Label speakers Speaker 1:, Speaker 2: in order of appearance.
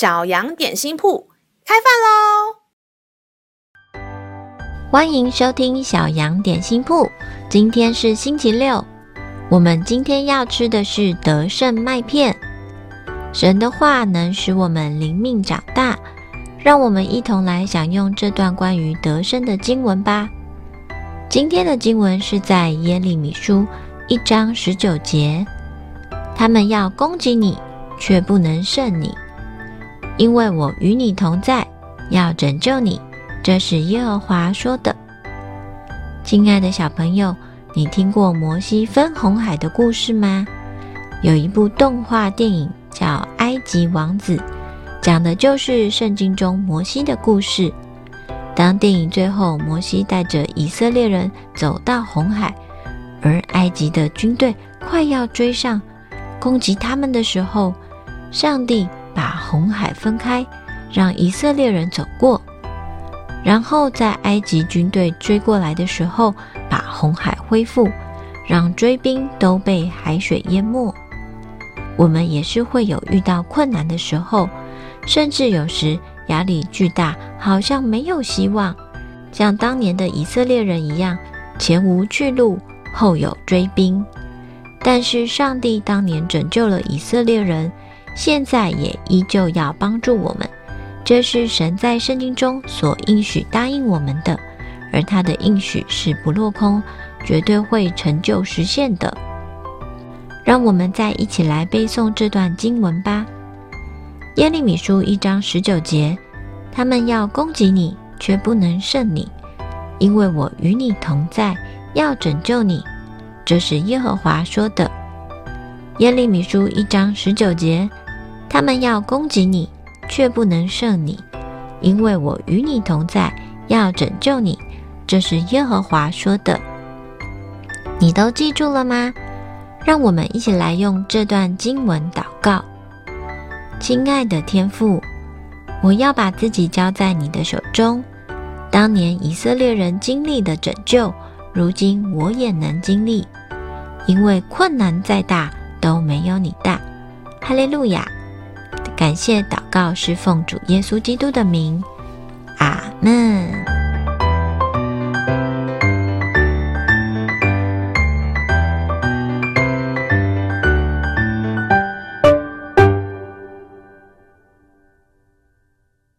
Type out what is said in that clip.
Speaker 1: 小羊點心鋪開飯嘍！歡迎收聽小羊點心鋪。今天是星期六，我們今天要吃的是得勝麥片。神的話能使我們靈命長大，讓我們一同來享用這段關於得勝的經文吧。今天的經文是在耶利米書一章十九節。他們要攻擊你，卻不能勝你。因為我與你同在，要拯救你，這是耶和華說的。親愛的小朋友，你聽過摩西分紅海的故事嗎？有一部動畫電影叫《埃及王子》，講的就是聖經中摩西的故事。當電影最後，摩西帶着以色列人走到紅海，而埃及的軍隊快要追上，攻擊他們的時候，上帝，把紅海分開，讓以色列人走過，然後在埃及軍隊追過來的時候，把紅海恢復，讓追兵都被海水淹沒。我們也是會有遇到困難的時候，甚至有時壓力巨大，好像沒有希望，像當年的以色列人一樣，前無去路，後有追兵。但是上帝當年拯救了以色列人。現在也依舊要幫助我們，這是神在聖經中所應許答應我們的，而他的應許是不落空，絕對會成就實現的。讓我們再一起來背誦這段經文吧，《耶利米書》一章十九節：“他們要攻擊你，卻不能勝你，因為我與你同在，要拯救你。”這是耶和華說的，《耶利米書》一章十九節。他們要攻擊你，卻不能勝你，因為我與你同在，要拯救你。這是耶和華說的。你都記住了嗎？讓我們一起來用這段經文禱告。親愛的天父，我要把自己交在你的手中。當年以色列人經歷的拯救，如今我也能經歷，因為困難再大都沒有你大。哈利路亞。感謝禱告是奉主耶穌基督的名，阿門。